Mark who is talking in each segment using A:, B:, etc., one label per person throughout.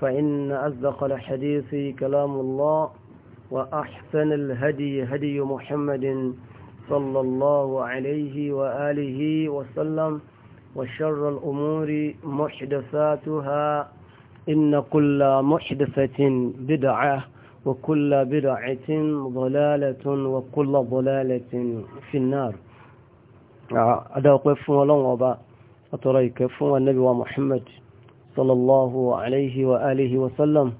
A: فإن أصدق الحديث كلام الله وأحسن الهدي هدي محمد صلى الله عليه وآله وسلم وشر الأمور محدثاتها إن كل محدثة بدعة وكل بدعة ضلالة وكل ضلالة في النار أدعو قفوا لنوبا أتريك فوا النبي ومحمد sallallahu alayhi wa alihi wa sallam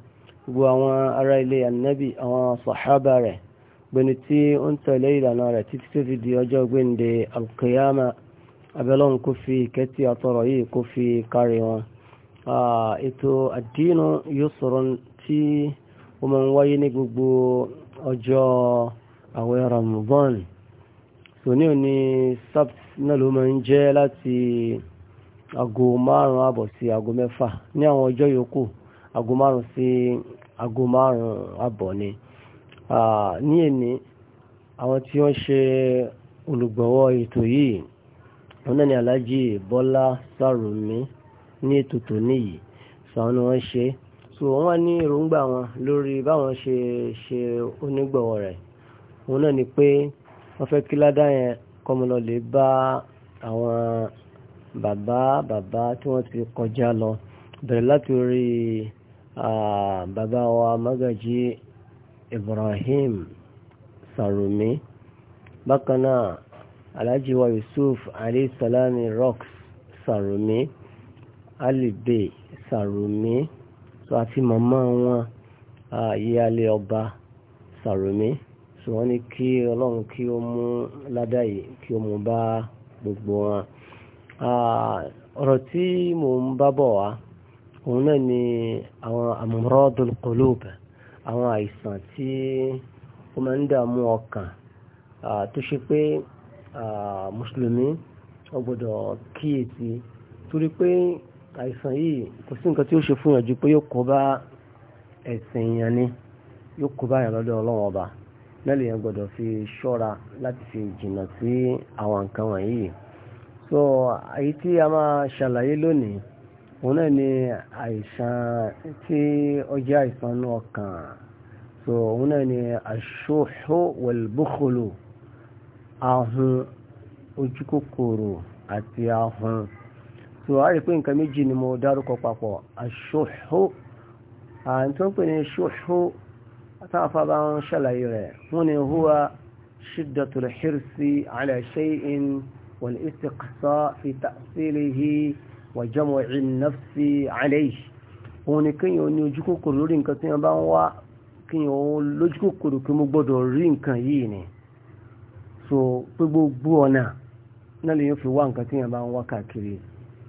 A: gbogbo àwọn ará ilé ànábì àwọn sàhábà rẹ̀ gbẹni tí ó ń tẹ̀lé ìlànà rẹ̀ títí tó fi di ọjọ́ gbẹ̀ǹde alkiyama abẹ́lọ́n kó fi kẹ́tì àtọ̀rọ̀ yìí kó fi kárí wọn. ètò àdínú yusrun tí ó máa ń wáyé ní gbogbo ọjọ́ àwẹ̀ Ramadan. sòní ò ní sábt náà ló máa ń jẹ́ láti aago márùn-ún àbọ̀ sí aago mẹ́fà ní àwọn ọjọ́ yòókù aago márùn-ún sí aago márùn-ún àbọ̀ ni ní èní àwọn tí wọ́n ṣe olùgbọ̀wọ́ ètò yìí wọn náà ni Alhaji Bọ́lá Sàrùmí ní ètò tòní yìí sàwọn ni wọ́n ṣe so wọ́n wá ní èròǹgbà wọn lórí báwọn ṣe ṣe onígbọ̀wọ́ rẹ̀ òun náà ni pé wọ́n fẹ́ kí ládá yẹn kọ́mọlọ́lẹ̀ bá àwọn bàbá bàbá tí wọ́n ti kọjá lọ bẹ̀rẹ̀ láti orí bàbá wa Magaji Ibrahim Sarumi bákan náà Alhaji Yusuf alayhi salami rocks Sarumi alibey Sarumi so àti màmá wọn ìyáálé ọba Sarumi so wọ́n ní kí Ọlọ́run kí ó mú ládàá yìí kí ó mú bá gbogbo wọn. Ah, ọ̀rọ̀ tí mò ń bá bọ̀ wá òun náà ni àwọn amradul qulub àwọn àìsàn tí ó máa ń dààmú ọkàn ah, tó ṣe pé ah, mùsùlùmí ó kíyèsí torí pé àìsàn yìí kò sí nǹkan tí ó ṣe fún pé yóò kó bá ẹ̀sìn èèyàn ni yóò kó bá fi ṣọ́ra láti fi jìnnà sí àwọn nǹkan wọ̀nyí so àyí tí a máa ṣàlàyé lónìí òun náà ni àìsàn tí ó àìsàn inú ọkàn so òun náà ni aṣóhó wẹ̀lbúkọlù ahun ojú àti ahun so a rí pé nǹkan méjì ni mo dárúkọ papọ̀ aṣóhó àwọn tó ń pè ní aṣóhó táwọn bá ń ṣàlàyé rẹ̀ wọ́n ni huwa shiddatul hirsi ala shay'in والاستقصاء في تأصيله وجمع النفس عليه òun ni kíyàn ní ojú kòkòrò lórí nǹkan tí wọ́n bá ń wá kíyàn ó lójú kòkòrò kí mo gbọ́dọ̀ rí nǹkan yìí ni so pé gbogbo ọ̀nà náà lè yóò fi wá nǹkan tí wọ́n bá ń wá káàkiri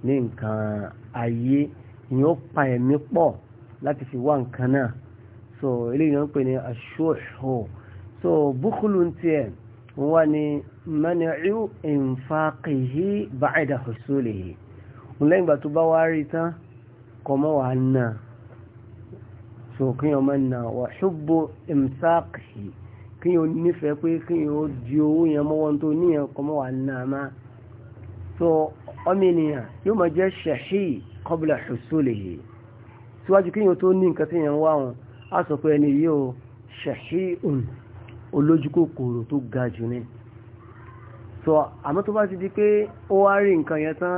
A: ní nǹkan ayé ìyẹn ó pa ẹ̀mí pọ̀ láti fi wá nǹkan náà so eléyìí náà ń pè ní aṣóòṣò so búkúlù ń tiẹ̀ wọ́n wá ní mẹ́nìú ìǹfàkìhí báyìdà hùsùlìhì lẹ́yìn ìgbà tó bá wá rí tán kọ mọ́ wà náà so kí yàn mọ́ náà wà ṣubú ìmsákìhì kí yàn nífẹ̀ẹ́ pé kí yàn di owó yẹn mọ́wọ́ tó níyàn kọ mọ́ wà náà má so ọmọ ènìyàn yóò mọ̀ jẹ́ ṣẹ̀ṣì kọ́bùlà hùsùlìhì síwájú kí yàn tó ní nǹkan tí yàn wá wọn á sọ pé ẹni yìí ó ṣẹ̀ṣì olójú kòkòrò so àmọ́ tó bá ti di pé ó wá rí nǹkan yẹn tán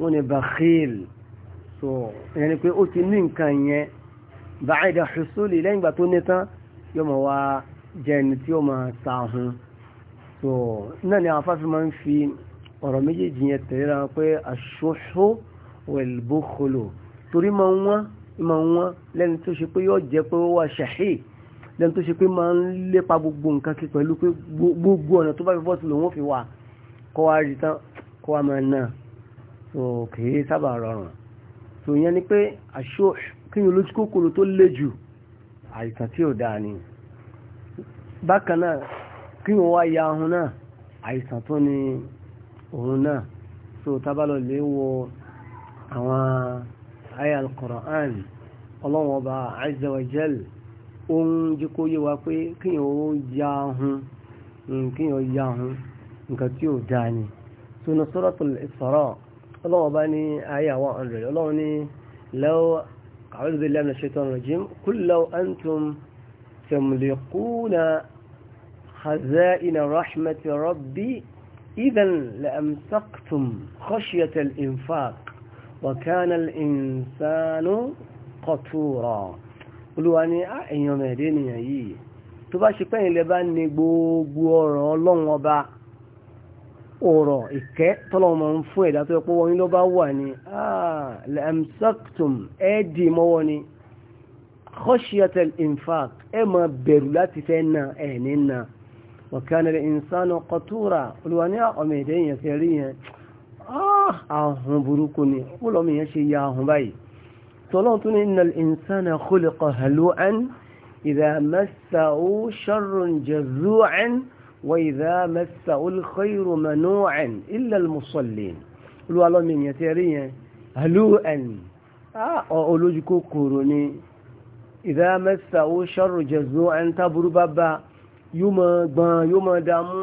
A: wọ́n ní bakhil so ìyẹn ni pé ó ti ní nǹkan yẹn ba'ida husuli lẹ́yìn ìgbà tó ní tán yóò mọ̀ wá jẹ́ tí ó mọ̀ ta so náà ni àwọn afáfin máa ń fi ọ̀rọ̀ méjèèjì yẹn tẹ̀léra pé ash-shuhhu wal-bukhlu torí máa ń wọ́n máa ń wọ́n lẹ́ni tó ṣe pé yóò jẹ́ pé ó wà ṣàhí lẹ́ni tó ṣe pé máa ń lépa gbogbo nǹkan kí pẹ̀lú pé gbogbo ọ̀nà tó bá fi bọ́ sí lòun ó fi wà kó wá rí tán kó wá máa náà so kìí sábà rọrùn so ìyẹn ni pé aṣọ kíyàn lójú kòkòrò tó le jù àìsàn tí ò dáa ni bákan náà kíyàn wá ya ahun náà àìsàn tó ni òun náà so tábàlọ̀ lè wo àwọn àyà quran ọlọ́wọ́n ọba azza jẹ́ kó yé wa nǹkan tí ò dáa ni sunu Suratul Isra ọlọ́wọ́ bá ní ayé àwọn ọ̀rẹ́ ọlọ́wọ́ ní lẹ́wọ́ a'udhu billahi minash shaitanir rajim qul law antum tamliquna khaza'ina rahmati rabbi idhan la'amsaktum khashyata al-infaq wa kana al-insanu qatura ọ̀rọ̀ ìkẹ́ tọ́lọ́wọ́ máa ń fún ẹ̀dá tó yẹ pé wọ́n yín ló bá wà ní ah, lamsaktum ẹ dì mọ́wọ́ ni khoshiyatel infaq ẹ máa bẹ̀rù láti fẹ́ na ẹ̀ ní na wọ̀kánilẹ̀ insanu qatura olùwà ní ah, ọmọ èdè ó lọ́mọ yẹn ah, ṣe ya وإذا مسه الخير منوعا إلا المصلين olúwa lọ́mọ ènìyàn ti rí yẹn àlú ẹ̀nì olójúkó kòrò ni إذا مسه الشر جزوعا tábúrú bá bá yóò mọ gbọ́n yóò mọ dààmú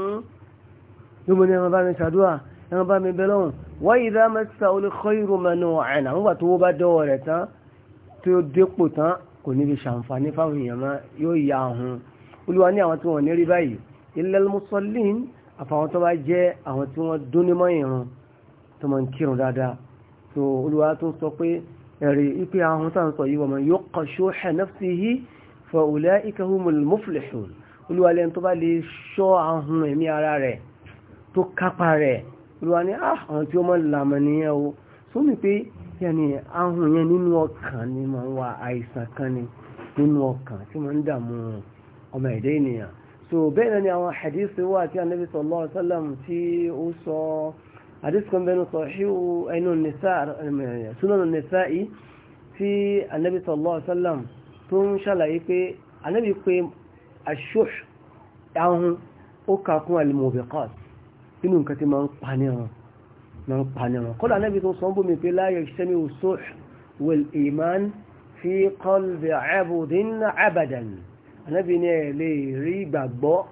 A: yóò mọ ní ẹran bá mi ṣàdúrà ẹran bá mi bẹ́lọ́hùn وإذا مسه الخير منوعا àwọn ìgbà tó bá dọ́wọ́ rẹ̀ tán tó dépò tán kò níbi ṣàǹfààní fáwọn èèyàn mọ́ yóò yà á hun olúwa ní àwọn tí wọ́n ní rí báyìí illal musallin àfàwọn tó bá jẹ́ àwọn tí wọ́n dúnímọ̀ ìrun tó mọ̀ ń kírun dáadáa so olúwa tó sọ pé ẹ̀rí ipé ahun tàà ń sọ yíwọ̀ mọ̀ yuqa shuha nafsihi fa ulaika humul muflihun olúwa lẹ́n tó bá lè ṣọ́ ahun ẹ̀mí ara rẹ̀ tó kápa ọmọ ẹ̀dẹ́ ènìyàn so bẹ́ẹ̀ náà ni àwọn hadith wà tí anabi sallallahu alaihi wasallam tí ó sọ hadith kan bẹ́ẹ̀ ní sahihu ẹnu sunan nisa'i tí anabi sallallahu alaihi wasallam tó ń ṣàlàyé pé anabi pé ash-shuh ahun ó kà kún al-mubiqat nínú nǹkan tí máa ń pa ní ọ̀run máa ń pa ní ọ̀run pé la yajtami ànábì ni ẹ̀ lè rí ìgbàgbọ́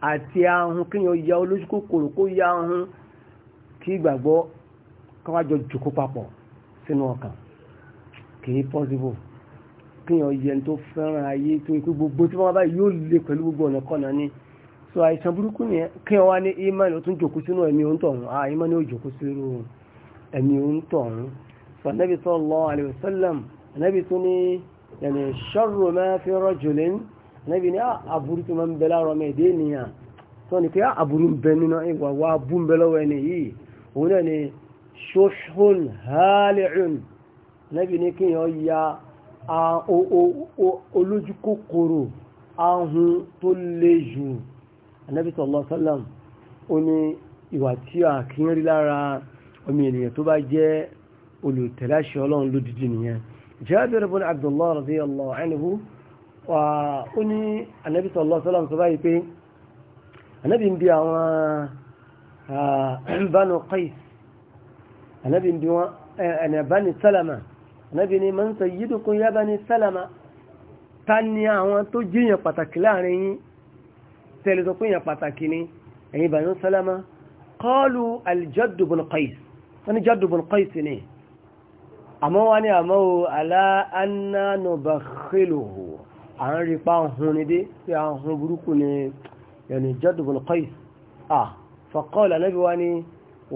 A: àti ahun kí yàn ya olójú kòkòrò kó ya ahun kí ìgbàgbọ́ kọ́ wájọ jòkó papọ̀ sínú ọkàn kìí possible kí yàn yẹn tó fẹ́ràn ayé tó ikú gbogbo tí wọ́n bá yóò lè pẹ̀lú gbogbo ọ̀nà kọ́nà ni so àìsàn burúkú ni kí wọ́n wá ní imani ó tún jòkó sínú ẹ̀mí òun tọ̀hún ah imani ó jòkó sínú ẹ̀mí òun tọ̀hún so anabi sallallahu alayhi wa sallam anabi tún ní yẹni ṣọ́rù ma fi rọ́jùlín níbi ní àbúrú tó bela ń bẹ láàrọ̀ ọmọ èdè ènìyàn tó ní pé àbúrú ń bẹ nínú ìwà wà bú ń bẹ lọ́wọ́ ẹni yìí òun náà ni ṣoṣun hálẹ̀ún níbi ní kí yàn ya olójú kòkòrò ahun tó le jù anábì sallallahu alaihi wasallam ó ní ìwà a kì í rí lára ọmọ ènìyàn tó bá jẹ́ olùtẹ̀láṣẹ́ ọlọ́run lódìdí nìyẹn jabir bin abdullah radiyallahu anhu wà ó ní anabi sallallahu alaihi wasallam sọ báyìí pé anabi ń bi àwọn ah, banu qais anabi ń bi wọn eh, ẹni bani salama anabi ni man sayyidukum ya bani salama ta ni àwọn tó jíyàn pàtàkì láàrin yín ni jaddu bin qais ni àmọ́ wá ní àmọ́ o aláàánánàbàkìlòhò à ń rí pa hun ní dé tí a hun burúkú ni yẹni jọ́dùbùn kọ́ì ah fàkọ́ọ̀lá náà bí wá ní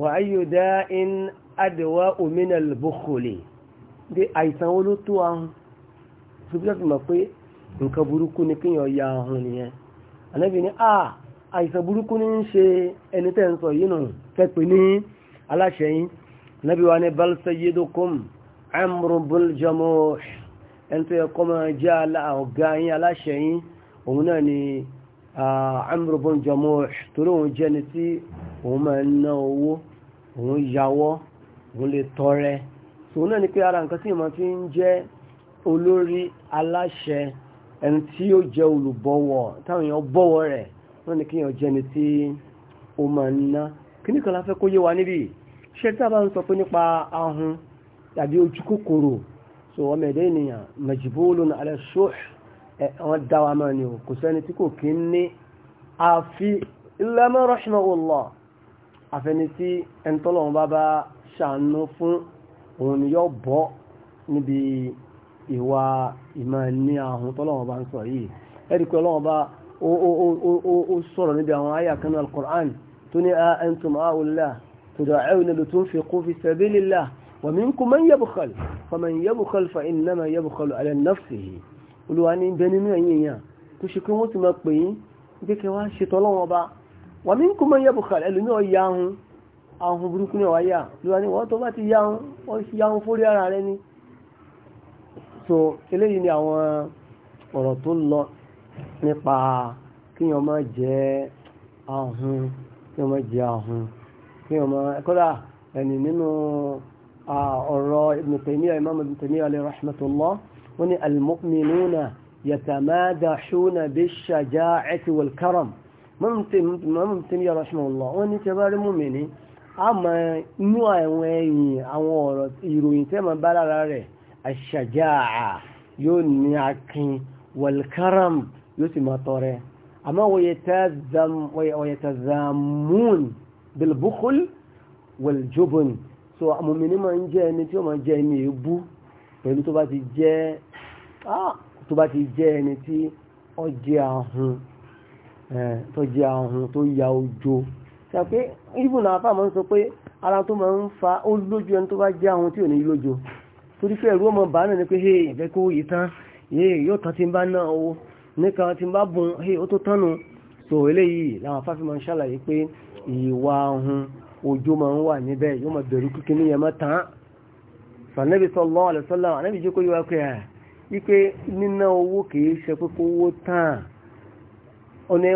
A: wà áyò dá in adẹ̀wà òmìnàl bókòlè dé àìsàn wo ló tó ahun ṣùgbọ́n mọ̀ ni kí yàn amru bul jamuh ẹni tó yẹ kọ́ máa jẹ́ ọ̀gá yín aláṣẹ yín òun náà ni amru bul jamuh torí òun jẹ́ ni tí òun máa ń ná owó òun yáwọ́ òun lè tọrẹ òun náà ni pé ara nǹkan tí ìmọ̀ fi ń jẹ́ olórí aláṣẹ ẹni tí ó jẹ́ olùbọ̀wọ̀ táwọn èèyàn bọ̀wọ̀ rẹ̀ wọ́n ní kíyàn jẹ́ ni tí ó máa ń la fẹ́ kó yé wa níbi ṣé tí a bá ń sọ pé ahun tàbí ojú kòkòrò so ọmọ ẹ̀dẹ́ ènìyàn mẹ̀jìbóòlù alẹ́ ṣóòṣ àwọn dáwà máa ni ò kò sẹ́ni tí kò kí ní àfi ilẹ̀mọ́ rahimahullah àfẹni tí ẹntọ́lọ́wọ́n bá bá ṣàánú fún òun ni yóò bọ́ níbi ìwà ìmọ̀ ní àhún tọ́lọ́wọ́n bá ń sọ yìí ẹ̀rí pé ọlọ́wọ́n bá ó sọ̀rọ̀ níbi àwọn àyà kanú al tó ní a antum àwòlá tòdọ̀ ẹ̀wìn lè tó ń fi kó fi sabilillah ومنكم من يبخل فمن يبخل فإنما يبخل على نفسه Olúwa ní bẹ nínú ẹ̀yin èèyàn tó ṣe kí wọ́n ti máa pè yín pé kí wọ́n ṣe tọ́lọ́wọ́n ọba ومنكم من يبخل ẹlòmí ọ̀yà ahun ahun burúkú ní ọ̀yà Olúwa ní wọ́n tó bá ti yá ahun wọ́n ti yá ahun fórí ara rẹ ni. so eléyìí ni àwọn ọ̀rọ̀ tó lọ nípa kíyàn máa jẹ ahun kíyàn máa jẹ ahun kíyàn máa kọ́dà ẹni nínú ọ̀rọ̀ ibn taymiya imam ibn taymiya alayhi rahmatullah wọ́n ní almu'minuna yatamadahuna bishaja'ati wal karam imam taymiya rahmatullah wọ́n ní tẹ́bárí mu'mini a ma inú àwọn ẹ̀yìn àwọn ọ̀rọ̀ ìròyìn tẹ́ ma bá lára rẹ̀ aṣàjáà yóò ní karam yóò sì ma tọrẹ àmọ́ so amòmìnì máa ń jẹ́ ẹni tí ó máa jẹ́ ẹni èébú pẹ̀lú tó bá ti jẹ́ ah, tó bá ti jẹ́ ẹni tí ó jẹ́ ahun eh, tó jẹ́ ahun tó ya ojo ṣe pé ibùn àfà máa ń sọ pé ara tó máa ń fa ó lójú ẹni tó bá jẹ́ ahun tí ò ní lójo torí pé ẹ̀rú ọmọ bàá náà ni pé hey ìfẹ́ kó yìí tán yóò tán ti bá náà o nìkan ti bá bùn hey ó tó tánu so eléyìí làwọn afáfí máa ń ṣàlàyé pé ìwà ahun òjò máa ń wà níbẹ̀ yóò máa bẹ̀rù kíkẹ́ ní yẹmọ́ tán sànẹ́bí sallallahu alaihi wasallam ànẹ́bí jẹ́ kó yíwá pé ẹ̀ ah, wípé níná owó kìí ṣe pé kó wó tán ọ̀nà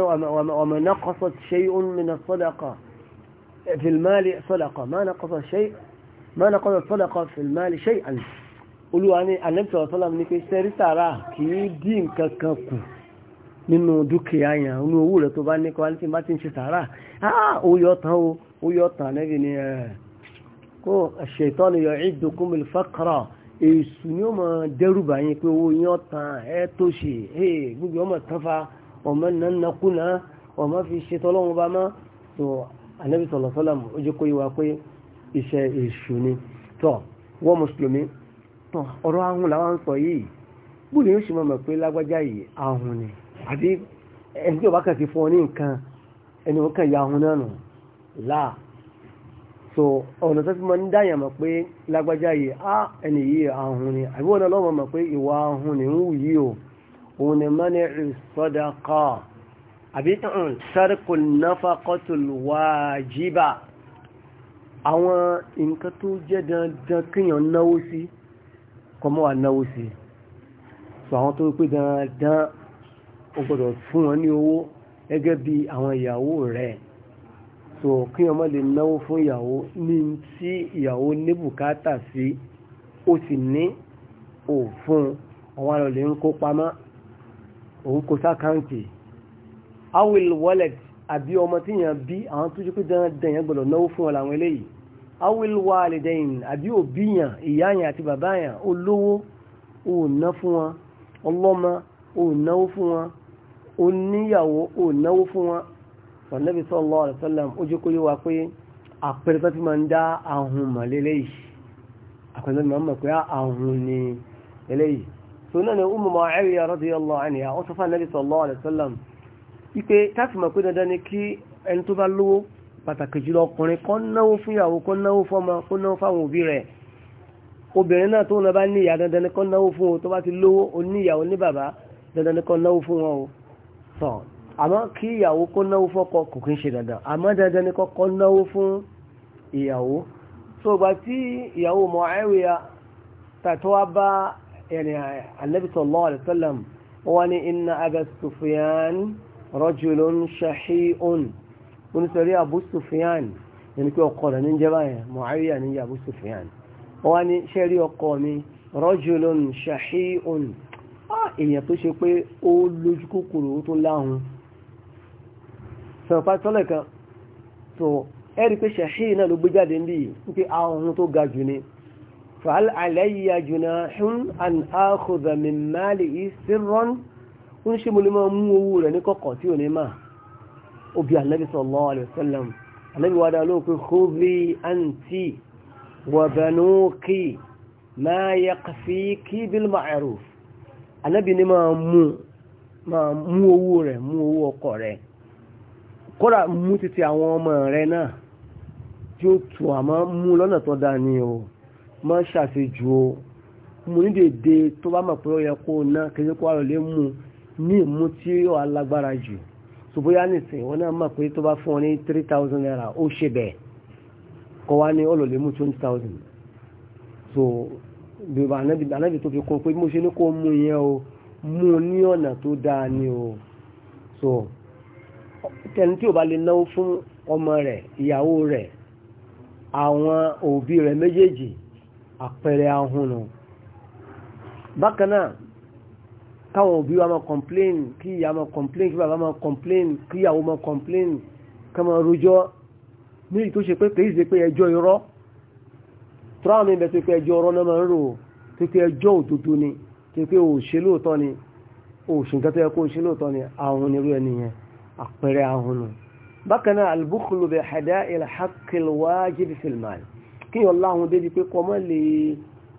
A: ọmọ naqasat shay'un min as-sadaqa fil mali sadaqa ma naqasa shay' ma naqasa sadaqa fil mali shay'an olúwa ní ànẹ́bí sallallahu alaihi wasallam ní pé sẹ́rí tààrà kìí dí nǹkan kan kù nínú dúkìá ó yọ tàn nẹ́bí ni ẹ̀ kó ṣètọ́ ni yọ ìdókùnmí fẹ́kọ̀rà èṣù ni ó mọ̀ dẹ́rùbà yín pé owó yín ọ̀tàn ẹ̀ tó ṣe gbogbo ọmọ tánfà ọmọ nannakúnà ọmọ fi ṣètọ́ lọ́wọ́ bá mọ́ tó anẹ́bí sọ̀lọ̀ sọ́làm ó jẹ́ kó yíwa pé iṣẹ́ èṣù ni tọ́ wọ́n mùsùlùmí tọ́ ọ̀rọ̀ ahun làwọn sọ yìí bóòlù yóò ṣe mọ̀ pé lágbájá yìí ahun ni àbí ẹni tí ò bá kàn ti fún ọ ní nǹkan ẹni ò kàn ya ahun náà nù láà so ọ̀nà tó fi mọ́ ń dáyà mọ̀ pé lágbájá yìí á ẹni yìí ahun ni àbí wọn lọ́wọ́ mọ̀ pé ìwà ahun ni ń wù yí o òun ni mọ́ni ìsọ́dọ̀kọ́ àbí sárkù náfàkọ́tul wájíbà àwọn nǹkan tó jẹ́ dandan kíyàn náwó sí kọmọ́ wà náwó sí so àwọn tó pé dandan ó gbọ́dọ̀ fún wọn ní owó gẹ́gẹ́ bí àwọn ìyàwó rẹ̀ so kí ọmọ lè náwó fún ìyàwó ní tí ìyàwó ní bùkátà sí ó sì ní òfun ọwọ́ àrọ̀ lè ń kó pamọ́ òun kó sákàǹtì awil wallet àbí ọmọ tí yàn bí àwọn tó jókòó dandan yẹn gbọ́dọ̀ náwó fún ọ làwọn eléyìí awil walidain àbí òbí yàn ìyá yàn àti bàbá yàn olówó ò ná fún wọn ọlọ́mọ ò náwó fún wọn oníyàwó ò náwó fún wọn sọ̀nẹ́bí sallallahu alaihi wasallam ó jẹ́ kó yé wa pé àpẹẹrẹ tó fi máa ń dá ahun mọ̀ lélẹ́yìí àpẹẹrẹ tó fi máa ń mọ̀ pé ahun ni lélẹ́yìí tó náà ni Ummu Mu'awiya radiyallahu anha ó sọ fún ànẹ́bí sallallahu alaihi wasallam ipe táàfì mọ̀ pé dandan ni kí ẹni tó bá lówó pàtàkì jùlọ ọkùnrin kó náwó fún ìyàwó kó náwó fọ́mọ kó náwó obìnrin náà tó ń bá ní ìyá dandan ni náwó fún o tó bá ti lówó oníyàwó ní bàbá dandan ni náwó fún wọn o sọ̀rọ̀ àmọ́ kí ìyàwó kó náwó fọ́kọ kò kí ń ṣe dandan àmọ́ dandan ni kọ́kọ́ náwó fún ìyàwó so gba tí ìyàwó Muawiya tàtọ́ wá bá ẹni Annabi sallallahu alaihi wasallam wọ́n ní inna Aba Sufyan rajulun shahi'un wọ́n ní sọ̀rí Abu Sufyan ẹni pé ọkọ rẹ̀ ní jẹ́ báyẹn Muawiya ní jẹ́ sọ̀pá tọ́lẹ̀ kan tó ẹ̀rí pé ṣẹ̀ṣí náà ló gbé jáde níbi wípé ahun tó ga jù ni fàál àlẹ́yà jùnà hún an áhùdà mìmáàlì ìsìnrọ́n ń ṣe mo lè máa mú owó rẹ̀ ní kọ̀kọ̀ tí ò ní mà obì ànábì sallallahu máa mú owó kódà mú títí àwọn ọmọ rẹ náà tí ó tù àmọ́ mú lọ́nà tó dáa ni o má ṣàṣejù o mú ní dèdè tó bá mọ̀ pé ó yẹ kó ná kéde kó àròlé mú ní ìmú tí ó alágbára jù ṣùgbọ́yá nìsín wọn náà mọ̀ pé tó bá fún ọ ní three thousand naira ó ṣe bẹ́ẹ̀ kọ́ wá ní ọlọ́lẹ̀ mú twenty thousand so bèbà anábì tó fi kún pé mo ṣe ní kó mú yẹn o mú ní ọ̀nà tó dáa ni o so tẹni tí ò bá lè náwó fún ọmọ rẹ̀ ìyàwó rẹ̀ àwọn òbí rẹ̀ méjèèjì àpẹẹrẹ ahùnù bákanáà káwọn òbí wa máa complain kí ìyá máa complain kí bàbá máa complain kí ìyàwó máa complain ká máa rojọ́ ní ìtò ṣe pé kìí ṣe pé ẹjọ́ irọ́ tọ́wọ́n mi bẹ̀ tó pé ẹjọ́ ọ̀rọ̀ náà máa ń rò tó pé ẹjọ́ òdodo ni tó pé òṣèlóòtọ́ ni òṣèǹkà yẹ kó òṣèlóòtọ́ ni àwọn onírú ẹni yẹn àpẹẹrẹ ahùnù bákan náà albukulu bẹ hada ilẹ̀ hakilwájibi filmal kí yọ láhùn débi pé kọ́ mọ́ lè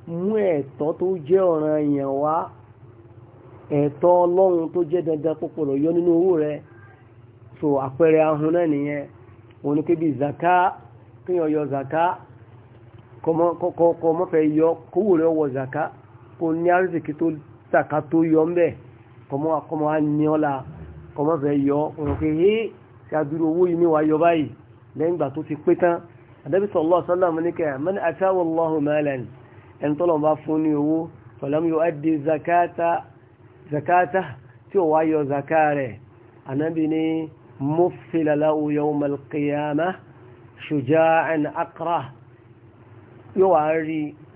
A: mú ẹ̀tọ́ tó jẹ́ ọ̀ràn èèyàn wá ẹ̀tọ́ ọlọ́run tó jẹ́ dandan púpọ̀lọ̀ yọ nínú owó rẹ̀ so àpẹẹrẹ ahùn náà nìyẹn òun ni pé zaka kí yọ yọ zaka kọ́ fẹ́ yọ kówó rẹ̀ wọ zaka kò ní àrísìkí tó zaka tó yọ ń bẹ̀ kọ́ mọ́ á ní ọ́la ọmọ fẹ́ yọ ọ̀rọ̀ pé hé kí a dúró owó yìí ní wàá yọ báyìí lẹ́yìn ìgbà tó ti pé tán ànábì sallallahu alaihi wasallam ní kẹ́ man atahu Allahu malan ẹni tọ́lọ̀ bá fún ní owó falam yuaddi zakata zakata tí ó wá yọ zaka rẹ̀ ànábì ní muffila lahu yawm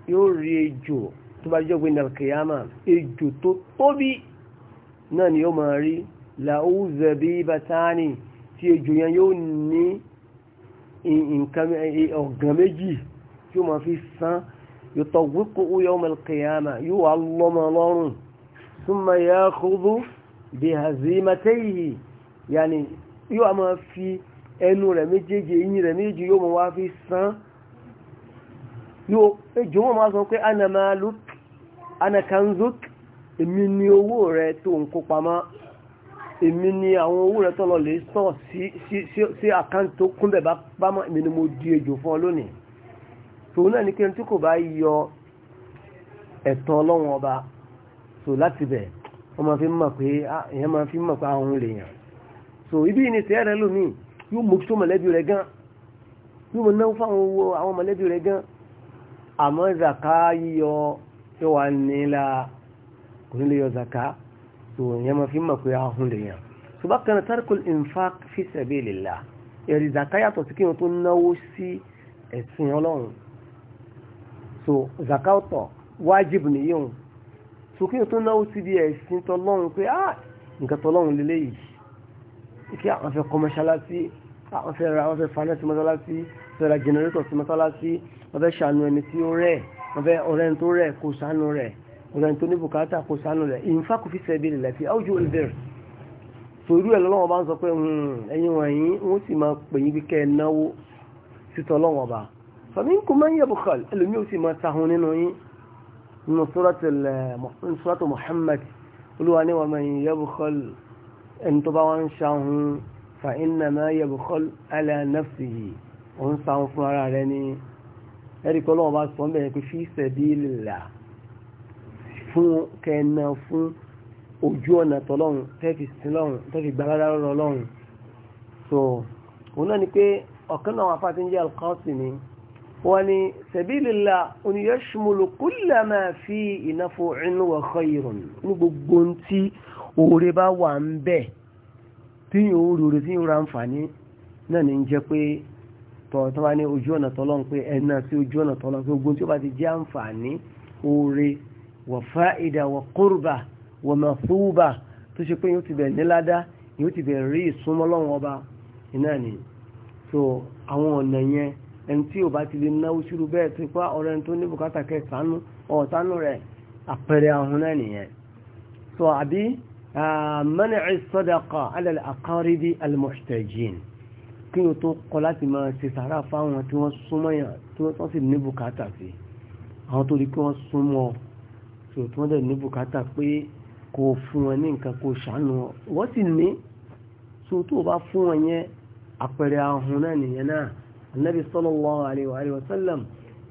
A: yóò rí ejò tó bá jẹ́ gbé ní tó tóbi náà ni yóò máa rí làó zẹ̀bí bàtánì tí ejò yẹn yóò ní ọ̀gàn méjì tí ó ma fi sán yóò tọ̀ wípò ó yọ mẹ́lẹ̀kẹ̀yàmà yóò wà lọ́mọ lọ́rùn súnmọ́ yẹ kúrú bí hazimatẹ́yì yàní yóò ma fi ẹnu rẹ̀ méjèèjì eyín rẹ̀ méjèèjì yóò ma wá fi sán yóò ejò wọn ma sọ pé ana maluk èmi ni owó rẹ̀ tó ń kó pamọ́ èmi ni àwọn owó rẹ̀ tọ́lọ lè sàn sí àkáǹtì tó kúnbẹ̀ bá mọ́ èmi ni mo di ejò fún ọ lónìí tòun náà ní kí n tí kò bá yọ ẹ̀tàn ọlọ́run ọba so láti bẹ̀ wọ́n máa fi mọ̀ pé èèyàn máa fi mọ̀ pé àwọn èèyàn so ibi ni tẹ́ rẹ lónìí yóò mú tó mọ̀lẹ́bí rẹ̀ gan yóò mọ̀ náwó fáwọn owó àwọn mọ̀lẹ́bí rẹ̀ gan àmọ́ zaka yíyọ yóò wà nílà kò ní lè yọ zaka tó ìyẹn máa fi mọ̀ pé ahun lè yàn tó bá kan tarkul infaq fi sabilillah ẹ̀rì zaka yàtọ̀ sí kí wọn tó náwó sí ẹ̀sìn ọlọ́run so zaka ọ̀tọ̀ wájib nìyíhun so kí wọn tó náwó sí bí ẹ̀sìn tọlọ́run pé ah nǹkan tọlọ́run lélẹ́yìí kí àwọn fẹ́ kọ́ mọ́ṣáláṣí àwọn fẹ́ ra àwọn fẹ́ fanáà sí mọ́ṣáláṣí ra jẹnẹrétọ̀ sí mọ́ṣáláṣí wọ́n fẹ́ ṣàánú ẹni tí ó rẹ̀ wọ́n fẹ́ ọ̀rẹ́ni tó rẹ̀ kò ṣàánú ọ̀rẹ́ tó ní bùkátà kò sánú rẹ̀ ìǹfà kò fi sẹ́bi rẹ̀ lẹ́fi áwùjọ olùbẹ̀rẹ̀ torí ẹ̀ lọ́wọ́ bá ń sọ pé hmm, ẹ̀yin wọ̀nyí wọ́n sì máa pè yín kíkẹ́ náwó sítọ́ lọ́wọ́ bá fàmí kò máa ń yẹ bùkàl ẹlòmíì ó sì máa tahun nínú yín nínú sọ́rọ́tò eh, Muhammad olúwa ní wàmọ̀ yín yẹ bùkàl ẹni tó bá wá ń ṣahun fa iná máa yẹ ala nafsihi òun ṣahun fún ara rẹ ní ẹ̀rí kọ́ lọ́wọ́ bá sọ fún kẹ́ẹ̀nà fún ojú ọ̀nà tọ́lọ́run tẹ́fì sílọ́run ọlọ́run so òun náà ni pé ọ̀kan náà afá ti ń jẹ́ alkọ́ọ̀sì ni wọ́n ni sabilillah oníyẹ́sùmùlù kulla ma fi naf'un wa khayrun ní gbogbo tí oore bá wà ń bẹ tí yóò rí oore tí yóò ra àǹfààní náà ni wà fáìdà wà kúrbà wà màfúbà tó يوتي pé yóò ti bẹ̀ níládá yóò ti bẹ̀ rí ìsúnmọ́ lọ́wọ́ ọba iná ni so àwọn ọ̀nà yẹn ẹni tí ò bá ti lè náwó ṣúrú bẹ́ẹ̀ tó pa ọ̀rẹ́ tó ní bùkátà kẹsànú ọ̀tánú rẹ̀ àpẹẹrẹ ahun náà nìyẹn so àbí mẹ́nà ìsọ́dàkà alẹ́lẹ́ àkárídí almustajin kí o tó kọ láti máa ṣe sàárà fáwọn tí wọ́n súnmọ́ yàn tí wọ́n sì ní bùkátà sí àwọn tó rí kí wọ́n súnmọ́ so tí wọ́n dẹ̀ ní bùkátà pé kò fún wọn ní nǹkan kò ṣàánú wọ́n sì ní so tó bá fún wọn yẹn àpẹẹrẹ ahun náà nìyẹn náà anabi sallallahu alayhi wa sallam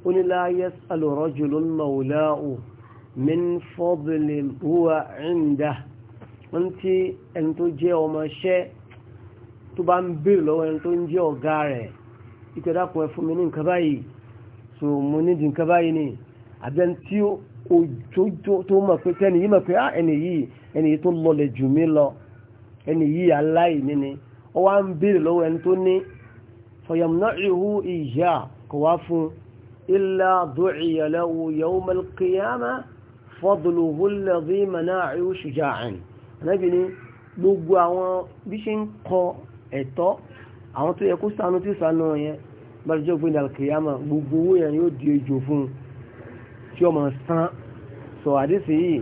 A: ó ní la yas'alu rajulun mawla'u min fadli huwa 'indah wọ́n ti ẹni tó jẹ́ ọmọṣẹ́ tó bá ń béèrè lọ́wọ́ ẹni tó ń jẹ́ ọ̀gá òjòjò tó mọ̀ pé tẹ́ni yìí mọ̀ pé á ah, ẹni yìí ẹni yìí tó lọlẹ̀ jù mí lọ ẹni yìí aláìní ni ó wá ń béèrè lọ́wọ́ ẹni tó ní fọyàmùná ihu ìyá kò wá fún ilá dùcìyàlẹ́wò yawmal yẹ tí ọmọ sán sọ àdísì yìí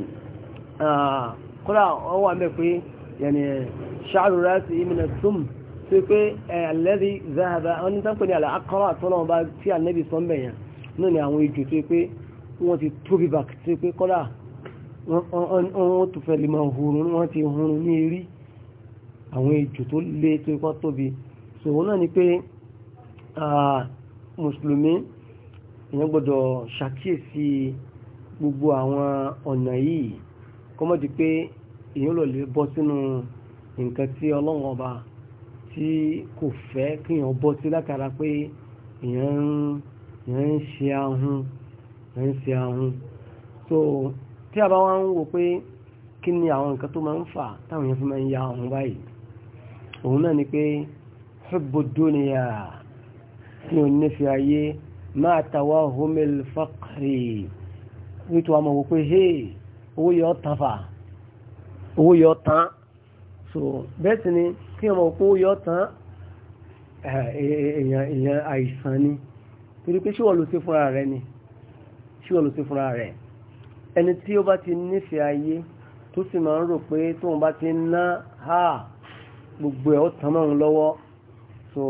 A: kọ́lá wọ́n wà mẹ́ pé yẹni ṣáàrù ráàsì ìmìnà súm tí pé ẹ̀lẹ́rí záàbá wọn ní tápẹ́ ní àkọ́rọ̀ àtọ́nà ọba tí ànẹ́bì sọ mẹ́ yẹn náà ni àwọn ejò tí pé wọ́n ti tóbi bàk tí pé kọ́lá wọ́n tó fẹ́ lè máa hurun wọ́n ti hurun ní erí àwọn ejò tó lé tó kọ́ tóbi so wọn náà ni pé èèyàn gbọ́dọ̀ ṣàkíyèsí gbogbo àwọn ọ̀nà yìí kọ́mọ́dé pé èèyàn lọ lè bọ́ sínú nǹkan tí ọlọ́run ọba tí kò fẹ́ kí èèyàn bọ́ sí látara pé èèyàn ń ṣe ahun èèyàn ń ṣe ahun so tí a bá wá ń wò pé kí ni àwọn nǹkan tó máa ń fà táwọn èèyàn fi máa ń ya ahun báyìí òun náà ni pé hubbu dunya tí o nífẹ̀ẹ́ ayé máa tàwa homil fakri nítorí àmọ́ wò pé hey owó yọ tán fà owó yọ so bẹ́ẹ̀ sì ni kí ọmọ òpó owó yọ tán eh, èèyàn àìsàn ni torí pé ṣíwọ̀ ló sí fúnra rẹ̀ ni ṣíwọ̀ ló sí fúnra rẹ̀ ẹni tí ó bá ti nífẹ̀ẹ́ ayé tó sì máa ń rò pé tóun bá ti ná ha gbogbo ẹ̀ ó tán mọ́ òun so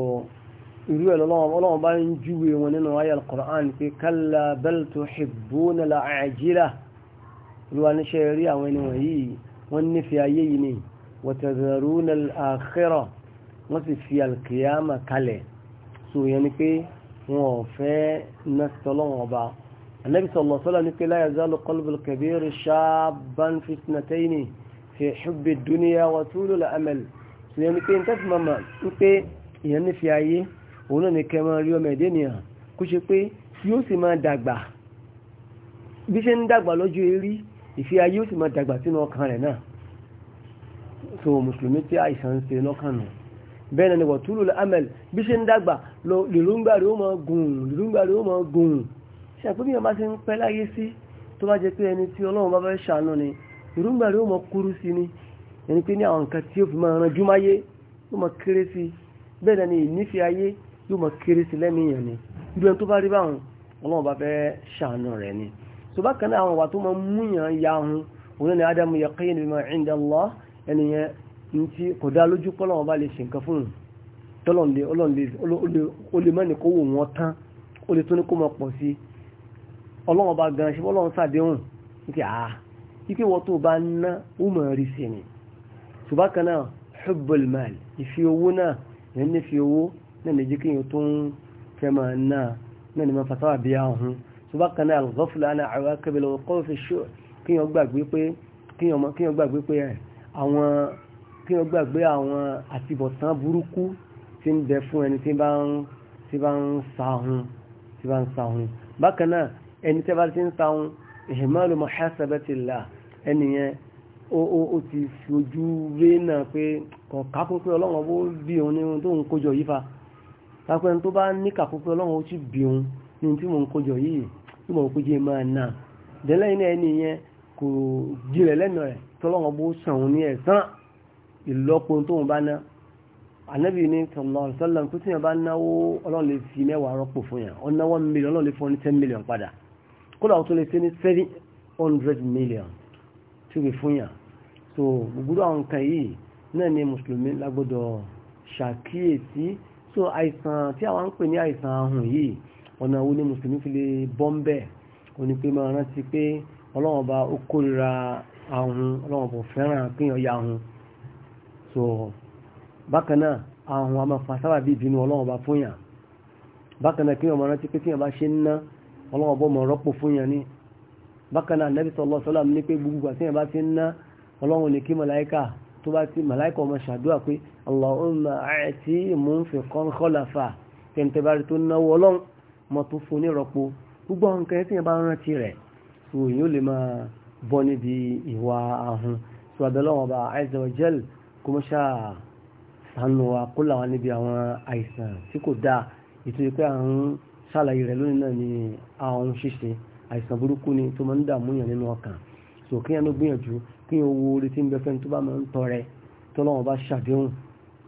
A: irú ẹ̀ lọ́wọ́ bá ń júwe wọn nínú ayé al-Qur'an pé kalla bal tuhibbuna al-ajila olúwa níṣẹ́ rí àwọn ẹni wọ̀nyí wọ́n nífẹ̀ẹ́ ayé yìí ni wa tadharuna al wọ́n sì fi al kalẹ̀ so yẹn ni pé wọn fẹ́ nẹ́sítọ́lọ́wọ́n ọba النبي صلى الله عليه وسلم يقول قلب الكبير شابا في سنتين في حب الدنيا وطول الأمل يعني كنت تفهم يعني في عيه òun náà ni kẹmọ rí ọmọ ẹ̀dẹ́ nìyàn kó ṣe pé yóò sì máa dàgbà bí ṣe ń dàgbà lọ́jọ́ eré ìfi ayé yóò sì máa dàgbà sínú ọkàn rẹ̀ náà so mùsùlùmí tí àìsàn ń ṣe lọ́kàn nù bẹ́ẹ̀ ni wọ̀túlù amẹ́l bí ṣe ń dàgbà lèrúngbà rẹ̀ ó máa gùn lèrúngbà rẹ̀ ó máa gùn ṣàpébí ọba ṣe ń ẹni ni lèrúngbà rẹ̀ ó máa ni ẹni pé ní àwọn nǹkan tí ó fi máa ranjú máyé ó máa kéré sí bẹ́ẹ̀ ni ìnífẹ̀ẹ́ ayé yóò mọ kéré sí lẹ́mìíyàn ni irú ẹni tó bá rí báwọn ọlọ́run bá fẹ́ ṣàánú rẹ̀ ni tó bá kan náà àwọn wà tó mọ múyàn ya hun òun ni adamu yaqin bima inda Allah ẹni yẹn ní tí kò dá lójú pọ́ lọ́wọ́ bá lè ṣe nǹkan fún un tọ́lọ́ndé olè mẹ́ni kó wò wọ́n tán olè tó ní ìfi owó náà ìyẹn fi owó náà lè jẹ́ kí yóò tó ń fẹ́ máa náà náà ni máa fàtàwà al-ghafla an awaqib al-wuquf ash-shu' kí yóò gbàgbé pé kí yóò gbàgbé pé àwọn kí yóò gbàgbé àwọn àtibọ̀tán burúkú tí ń bẹ fún ẹni tí bá ń tí bá ń sahun tí bá ń sahun bákan náà ẹni tí bá ti ń sahun ihmalu muhasabatillah ẹni yẹn ó ti fojú rí náà pé kọ̀ọ̀ká kún pé ọlọ́run ọbọ̀ bí òun ní ohun tó ń kójọ yífa kápẹ́ ní tó bá ní kàkókò ọlọ́run ó ti bí òun ní tí mò ń kójọ yìí tí mò ń kójọ máa nà dẹ́lẹ́ iná ẹni yẹn kò jìrẹ̀ lẹ́nu rẹ̀ tọ́lọ́run bó sàn ní ẹ̀sán ìlọ́po tóun bá ná ànábì ní sallallahu alaihi wasallam one million ọlọ́run ten million padà kódà ó tún lè ṣe hundred million tí so gbogbo àwọn nǹkan yìí náà ni mùsùlùmí lágbọ́dọ̀ ṣàkíyèsí so àìsàn tí àwọn ń pè ní àìsàn ahùn yìí ọ̀nà wo ni mùsùlùmí fi lè bọ́m̀bẹ̀ ó ní pé máa rántí pé ọlọ́wọ́n bá ó kórira ahùn ọlọ́wọ́n bò fẹ́ràn kíyàn ya ahùn so bákan náà ahùn a máa fa sábà bí ìbínú ọlọ́wọ́n bá fún yàn bákan náà kíyàn máa rántí pé tíyàn bá ṣe ń ná ọlọ́wọ́n mọ̀ rọ́pò fún ní bákan nẹ́bí sallallahu alaihi wasallam ní pé gbogbo àtíyàn bá ti ń ná ọlọ́wọ́n ní kí màláíkà tó bá ti màláìkọ̀ ọmọ ṣàdúrà pé Allahumma a'ti munfiqan khalafa tẹ̀m̀tẹ̀bárí tó náwó ọlọ́run mọ́ tó fún nírọ̀pọ̀ gbogbo àwọn nǹkan tí yẹn bá rántí rẹ̀ tó èyí ó lè máa bọ́ níbi ìwà ahun tó abẹ́lọ́wọ́n bá azza wa jal kó mọ́ ṣáà sànù wa kó làwọn níbi lónìí náà ni àwọn ṣíṣe àìsàn burúkú ni tó máa ń dààmú yàn nínú ọkàn tó kéèyàn ló gbìyànjú kí n wo orí tí ń bẹ fẹ́ tó bá máa ń tọrẹ tọ́lọ́wọ́n bá ṣàdéhùn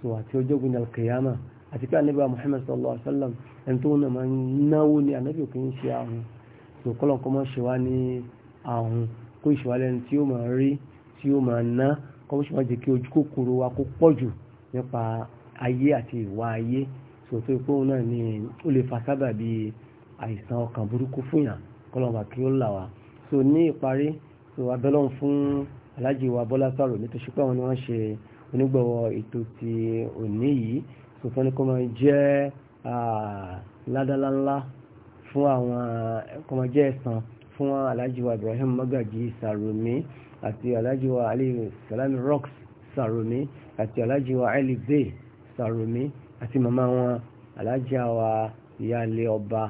A: tó àti ọjọ́ gbìn alkiyama àti pé anábíà Muhammad sallallahu alaihi wa sallam ẹni tó náà máa ń náwó ní anábíà kì í ṣe àhùn tó kọ́lọ̀ kọ́ máa ṣe wá ní àhùn kó ìṣèwálẹ̀ ẹni tí ó máa rí tí wa kó pọ̀ jù ayé àti ìwà ayé tó tó pé òun náà ni ó lè fa sábà bí àìsàn ọkàn burúkú fún yàn kọ́lọ̀ bá kí ó là so ní ìparí so abẹ́lọ́n fún alájì wa bọ́lá sọ̀rọ̀ ní tó ṣe pé àwọn ni wọ́n ṣe onígbọ̀wọ́ ètò ti òní yìí sọ̀tún ní kó máa jẹ́ ládàláńlá fún àwọn kó jẹ́ ẹ̀san fún alájì Ibrahim Magaji Sarumi àti alájì Ali Salami Rocks Sarumi àti alájì Ali Bey Sarumi àti màmá wọn alájì wa ìyáálé ọba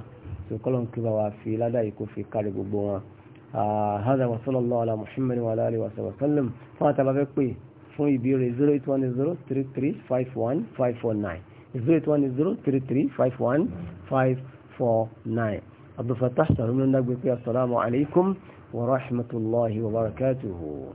A: sọ̀kọ́lọ́n kí wọ́n wá fi ládàá yìí fi kárí gbogbo wọn. هذا وصلى الله على محمد وعلى آله وصحبه وسلم فأنت بفكي fún ìbéèrè 08103351549 08103351549 abdulfatah sàrùn ló ń dágbé pé assalamu alaikum wa rahmatullahi wa barakatuhu